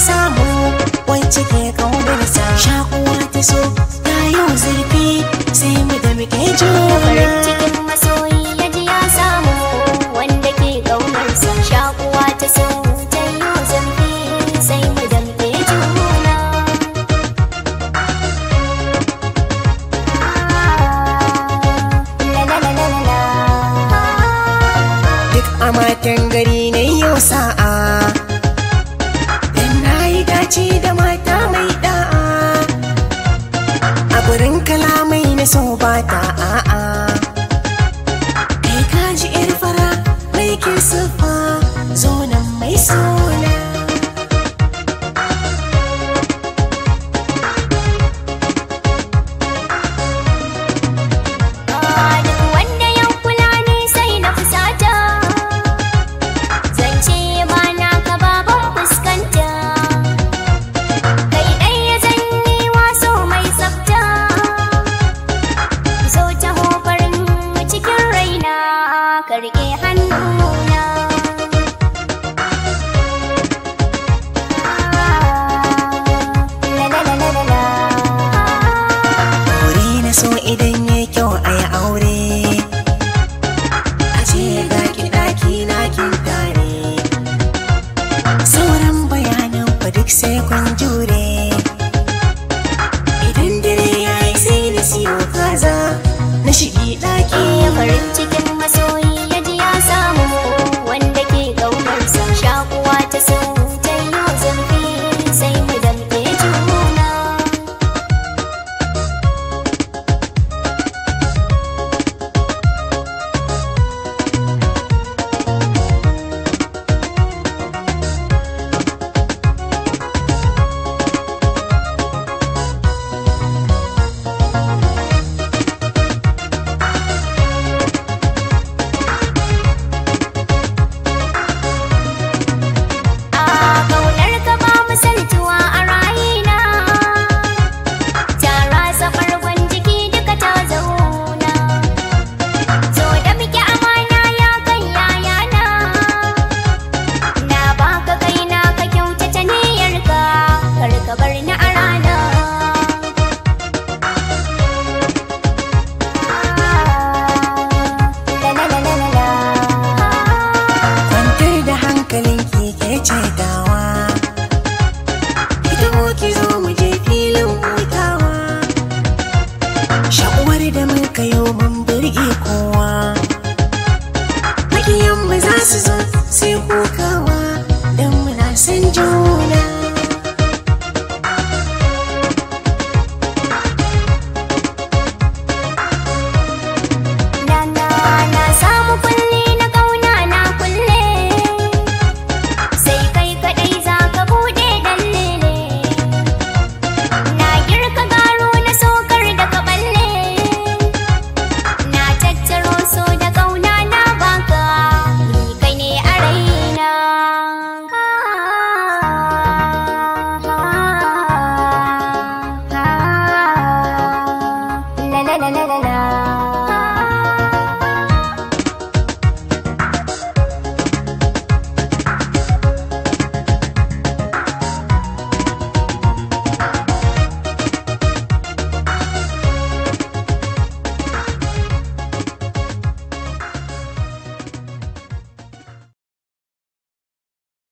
samu wance ke kaunarsa shakuwa ta so ya yau zurfi sai mu da muke juna farin cikin masoyi ya ji ya samu wanda ke kaunarsa shakuwa ta so ta yau zurfi sai mu da muke juna duk a matan gari ne yau sa'a so ba ta su zo sai kokawa don muna san juna